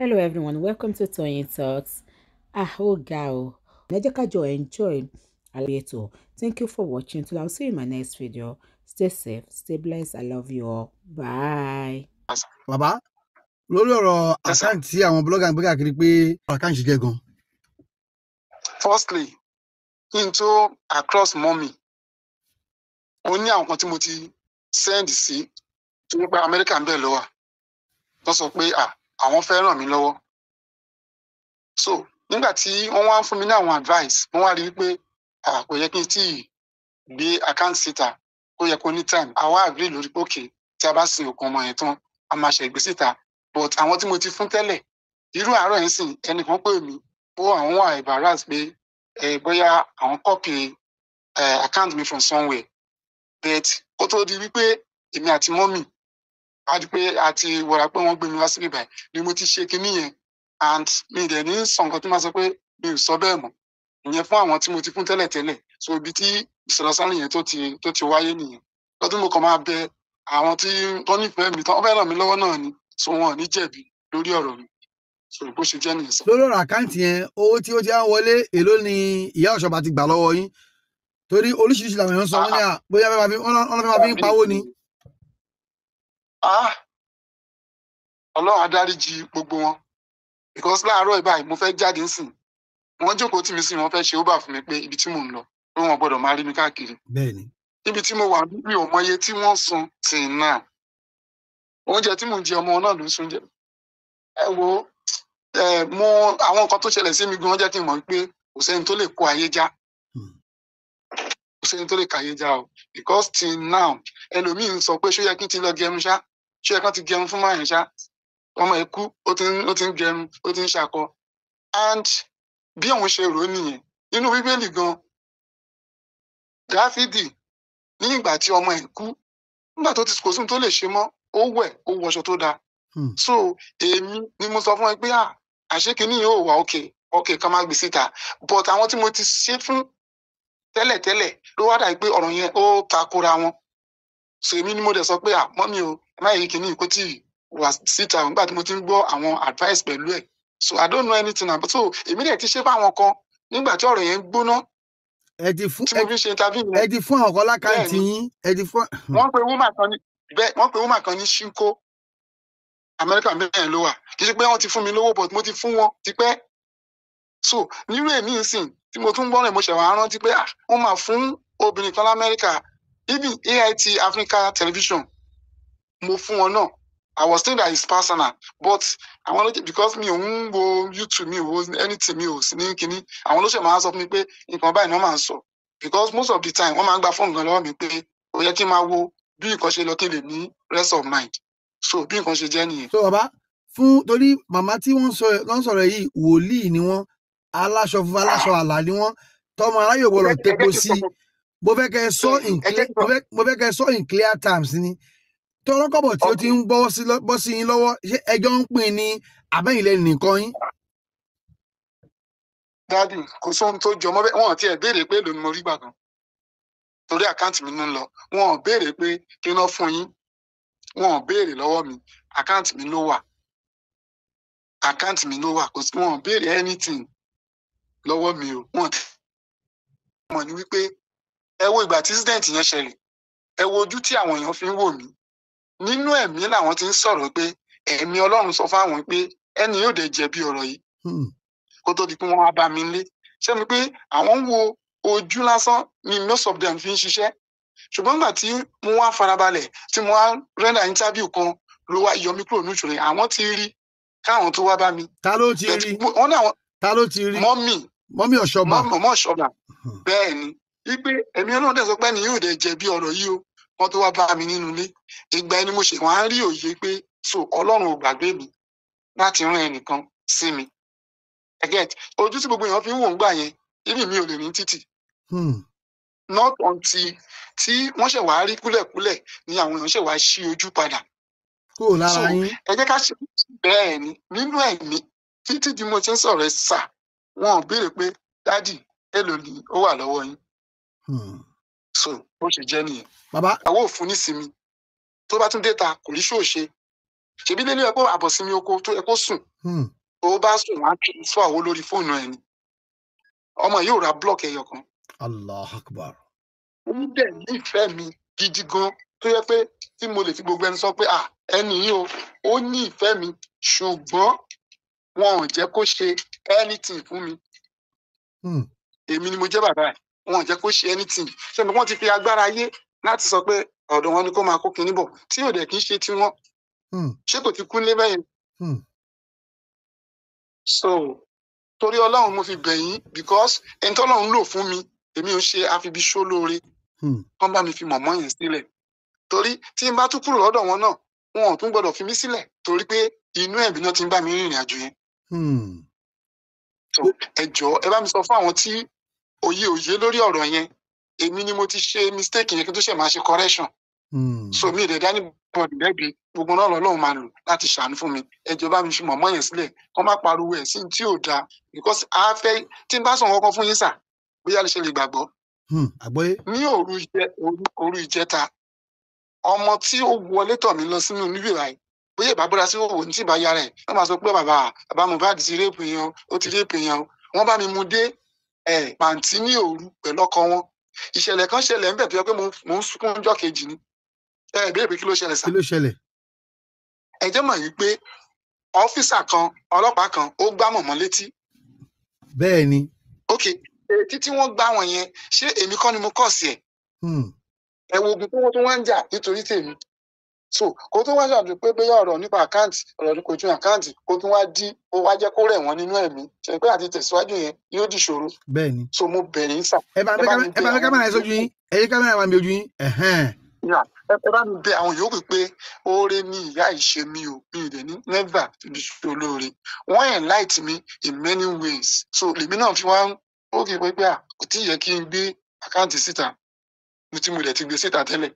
hello everyone welcome to Toyeen Talks ah ó ga o enjoy àlàyé ètò thank you for watching till i'll see you in my next video stay safe stay blessed i love you all bye. bàbá lórí ọ̀rọ̀ àkáǹtì tí àwọn blogger ń gbé káàkiri pé àkáǹtì ṣe gan. firstly kí n tó across mommy. ó ní àwọn kan tí mo ti send sí nípa amẹ́ríkà ń bẹ̀ lọ́wọ́ tó sọ pé ah àwọn fẹ́ ràn mí lọ́wọ́ so nígbà tí wọ́n wá ń fún mi ní àwọn advice wọ́n wá rí i pé kò yẹ kí n tí ì gbé account síta kó yẹ kó ní time àwa agree lórí pé òkè tí a bá sin òkun ọmọ yẹn tán a máa ṣe ìgbé síta but àwọn tí mo ti fún tẹ́lẹ̀ irú àárọ̀ yẹn sìn ẹnìkan pè mí ó àwọn wà embarrassed pé ẹ bóyá àwọn copy account mi from somewhere but kó tó di wípé èmi àti mọ́mì a di pé àti wọ̀rà pé wọ́n gbé mi wá sí ibà ni mo ti ṣe kinní yẹn and mi dẹ̀ ní sọ nǹkan tí máa sọ pé mi ò sọ bẹ́ẹ̀ mọ́ ìyẹn fún àwọn tí mo ti fún tẹ́lẹ̀ tẹ́lẹ̀ so ibi tí ìsọ̀rọ̀sọ̀rọ̀ yẹn tó ti tó ti wáyé nìyẹn lọ́dún mo kàn máa bẹ àwọn tí tó nífẹ̀ẹ́ mi tán ó ràn mí lọ́wọ́ náà ni so wọn ò ní jẹ̀bi lórí ọ̀rọ̀ mi so bó ṣe jẹ́ nìyẹn sọ. lórí ọ̀rọ̀ àkáǹtì yẹn owó tí ó ti á wọlé èló ni ìyá ọ̀ṣọ́ba ti gbà lọ́wọ́ yín torí oríṣiríṣi làwọn èèyàn sọ wọn ní à bóyá wọn lọ́fẹ́ máa fi ń pawó ni ah ọlọ́run adáríjì gbogbo wọn because láàárọ̀ ìbáyìí mo fẹ́ jáde ń sìn wọ́n jókòó tì mí sìn wọ́n fẹ́ ṣe uber fún mi pé ibi tí mò ń lọ pé wọ́n gbọ́dọ̀ máa rí mi káàkiri. bẹ́ẹ̀ni. níbi tí mo wà mi ò mọye tí wọ́n sun tì náà oúnjẹ tí mò ń jẹ ọmọ náà ló ń sun jẹ ẹ wo ẹ mo àwọn nǹkan tó ṣẹlẹ̀ sí mi gan jẹ́ kí n mọ̀ pé kò sẹ́ni tó lè kó ayé já hmm. kò sẹ́ni tó lè káyé já o because till now ẹlòmíì ń sọ pé ṣó yẹ kí n ti lọ gẹrun ṣáá ṣé ẹ̀kan ti gẹrun fún márùn ṣá ọmọ ẹ̀ kú ó ti ń gẹrun ó ti ń ṣakọ and bí òun ṣe rò ó nìyẹn nínú bíbélì gan dáfídì ní ìgbà tí ọmọ ẹ̀ kú nígbà tó ti kò sí ohun tó lè ṣe mọ́ ó wẹ̀ ó wọṣọ tó dáa hmm. so èmi ni mo sọ fún ẹ pé àṣé kínní yóò wà ókè ókè ká má gbé síta but àwọn tí mo ti ṣe fún tẹ́lẹ̀tẹ́lẹ̀ ló wá dà pé ọ̀rọ̀ yẹn ó takora wọn so èmi ni mo dẹ̀ sọ pé àpọ́n mi o láyé kìíní kó tí wà síta nígbà tí mo ti ń gbọ́ àwọn advice pẹ̀lú ẹ̀ so I don't know anything about so èmi dẹ̀ ti ṣe fáwọn kan nígbà tí ọ̀rọ̀ yẹn gbóná ẹ ti fún ẹ ti fún àwọn kan lákàntì yín ẹ ti fún. wọ́n pe woman kan ní bẹ́ẹ̀ wọ́n pe woman kan ní ṣínkó Amẹ́ríkà bẹ́ẹ̀ ló wà kì í ṣe pé wọ́n ti fún mi lówó but mo ti fún wọn tipẹ́ so nírú èmi ìsìn tí mo tún gbọ́ rẹ̀ mo ṣẹ̀wá rántí pé wọ́n máa fún obìnrin kan lamẹ́ríkà even AIT Africa Television mo fún wọn náà I was told that it's personal but àwọn ló jẹ because mi ò ń wo YouTube mi ò anything mi ò sí ní kínní àwọn ló ṣe máa ń sọ fún mi pé nǹkan báyìí náà máa ń sọ because most of the time wọ́n máa ń gba fóònù gan lọ́wọ́ mi pé ó yẹ kí n máa wo bí nǹkan ṣe lọ kí n lè ní rest of mind so bí nǹkan ṣe jẹ́ nìyẹn. so bàbá fún torí màmá tí wọ́n ń sọ̀rọ̀ yìí wòlíì ni wọ́n aláṣọ funfun aláṣọ àlà ni wọ́n tọmọ aráyè gbọ́dọ̀ tepo sí i mo fẹ́ kẹ́ sọ in mo fẹ́ kẹ́ sọ in clear terms ni tọrọkọbọ tí ó ti ń bọ́ sí yín lọ́wọ́ ṣé ẹjọ́ ń pín ní abẹ́yìnlẹ̀ nìkan yín. dádì kò sóhun tó jọ mọ́ bẹ́ẹ̀ wọ́n ti ẹ̀ béèrè pé èlò ni mo rí gbà kan torí àkáǹtì mi ń lọ wọ́n béèrè pé kí ná fún yín wọ́n béèrè lọ́wọ́ mi àkáǹtì mi ló wà àkáǹtì mi ló wà kò sí wọ́n béèrè anything lọ́wọ́ mi o wọ́n ti mọ̀ ní wípé ẹ wo ìgbà tí incident yẹn ṣẹlẹ̀ ẹ wo ojú tí àwọn èèyàn fi ń wò mí nínú ẹ̀mí làwọn ti ń sọ̀rọ̀ pé ẹ̀mí Ọlọ́run sọ fáwọn pé ẹni yóò dé jẹ̀bi ọ̀rọ̀ yìí hmm. kó tó di pé wọ́n á bá mi lé ṣé mi pé àwọn ń wo ojú lásán ni most of them fi ń ṣiṣẹ́ ṣùgbọ́n nígbà tí mo wá farabalẹ̀ tí mo wá rẹ́ndà interview kan ló wá yọ mí kúrò ní ìṣòro àwọn ti rí káwọn tó wá bá mi. ta ló ti rí ta ló ti rí mọ́mì mọ́mì ọ̀ṣọ́bà mọ́mì ọ̀ṣọ́bà hmm. bẹ́ẹ̀ ni wípé ẹ̀mí ọlọ́run dẹ̀ sọ pé ẹni yóò dẹ̀ jẹ̀bi ọ̀rọ̀ yìí o wọ́n tó wá bá mi nínú ilé ìgbà ẹni mo ṣe wọ́n á rí òye pé so ọlọ́run ò gbàgbé mi láti rán ẹnìkan sí mi ẹgẹt ojú tí gbogbo èèyàn fi ń wò ń gbà yẹn ibi mi ò lè ní títì hmm. not until tí wọ́n ṣẹ̀ wá rí kúlẹ̀kúlẹ̀ ni àwọn èèyàn ṣẹ̀ wá ṣí ojú padà kúrò lára yín. ẹ jẹ́ ká ṣe bẹ́ẹ̀ ni nínú ẹ̀mí títí di mo ti ń sọ̀rọ̀ ẹ̀ sà wọn ò béèrè pé dádì èlò ni ó wà lọ́wọ́ yín Hmm. so bó ṣe jẹ́ nìyẹn. bàbá àwọn òfun nísìmí tó bá tún déta kò rí ṣòṣe ṣèbí lé ní ẹ kó àbọ̀sími oko tó yẹ kó sùn hmm. tó bá sùn wọn á transfer owó lórí fóònù ẹ ni ọmọ yóò ra block ẹyọ kan. allah akbar. ó ń bẹ̀ nífẹ̀ẹ́ mi gidi gan tó yẹ pé tí mo lè fi gbogbo ẹni sọ pé à ẹni yìí o ó ní ìfẹ́ mi ṣùgbọ́n wọn ò jẹ́ kó ṣe anything fún mi. Hmm. èmi ni mo jẹ́ bàbá ẹ̀ wọn jẹ́ kó ṣe anything ṣe ni wọ́n ti fi agbára yé láti sọ pé ọ̀dọ̀ wọn ni kó máa kó kinní bọ̀ tí ò dẹ̀ kì í ṣe tiwọn hmm. ṣé kò ti kú nílé bẹ́yẹn. Hmm. so torí ọlọ́run mo fi bẹ̀yìn because ẹni tọ́lọ́run lò fún mi èmi ò ṣe àfibiṣó lóore kán hmm. bá mi fi mọ̀mọ́ yẹn sílẹ̀ torí tí n bá tún kúrò lọ́dọ̀ wọn náà wọn ò tún gbọ́dọ̀ fi mí sílẹ̀ torí pé inú ẹ̀bí náà ti ń bá mi rìnrìn àjò yẹn. ẹ jọ̀ọ́ ẹ bá mi sọ fún àwọn tí òye òye lórí ọ̀rọ̀ yẹn èmi ni mo ti ṣe mistake yẹn kí n tó ṣe máa ṣe correction hmm. so mi ì dẹ̀dá ní bọ̀dì lẹ́bi gbogbo náà lọ́lọ́run máa lò láti ṣàánú fún mi ẹjọ́ bá mi fi mọ̀mọ́ yẹn sílẹ̀ kọ́ má pariwo ẹ̀ sí tí ò dáa because a fẹ́ tí n bá sọ̀rọ̀ kankan fún yín sà bóyá lè ṣe lè gbàgbọ́. Hmm, ní òru ìjẹ òru ìjẹta ọmọ tí ó wọlé tọ̀ mí lọ sínú níbí báyìí bóyá ìbábúra sí òwò ní tí ìbá yára ẹ̀ wọ́n máa sọ pé bàbá bàbá Mohbad ti réèpù yẹn o ti réèpù yẹn o wọ́n bá mi mú dé pàǹtí ní òru pẹ̀lú ọkọ wọn ìṣẹ̀lẹ̀ kan ṣẹlẹ̀ ńbẹ̀ tó yẹ pé mò ń sunkún ọjọ́ kejì ni ẹ ẹ béèrè pé kí ló ṣẹlẹ̀ sá. kí ló ṣẹlẹ̀. ẹ jẹ́ mọ̀ yìí pé ọ́fíìsà kan ọlọ́pàá kan ó gbá mọ̀mọ́ létí. bẹ́ẹ̀ ni. ok etí tí wọ́n gbá wọn yẹn ṣé èmi kọ́ ni mo kọ̀ sí ẹ̀. Hmm. ẹ wo ogun tó wọ́n tó wọ́n ń jà nítorí tèmi so kó tó wá ṣàdúró pé bóyá ọ̀rọ̀ nípa àkáǹtì ọ̀rọ̀ nípa ojú àkáǹtì kó tún wá dí ó wá jẹ́ kó rẹ̀ wọ́n nínú ẹ̀mí ṣe pé àti tẹ̀síwájú yẹn yóò di ṣòro. bẹ́ẹ̀ni so mo bẹ̀rẹ̀ ń sà. ẹ bá fẹ́ kámẹ́rà yẹn sójú yín ẹ yé kámẹ́rà wa mi ojú yín. ẹ bá mi bẹ àwọn yòókù pé oore ni ìyá ìṣe mi ò mi ì ní never to be olóore wọ́n enlighten me in many ways so lèmi náà fi wá ó kì í pé pé à kò tí ì yẹ kí n gbé àkáǹtì síta mo ti mo dẹ̀ ti gbé síta tẹ́lẹ̀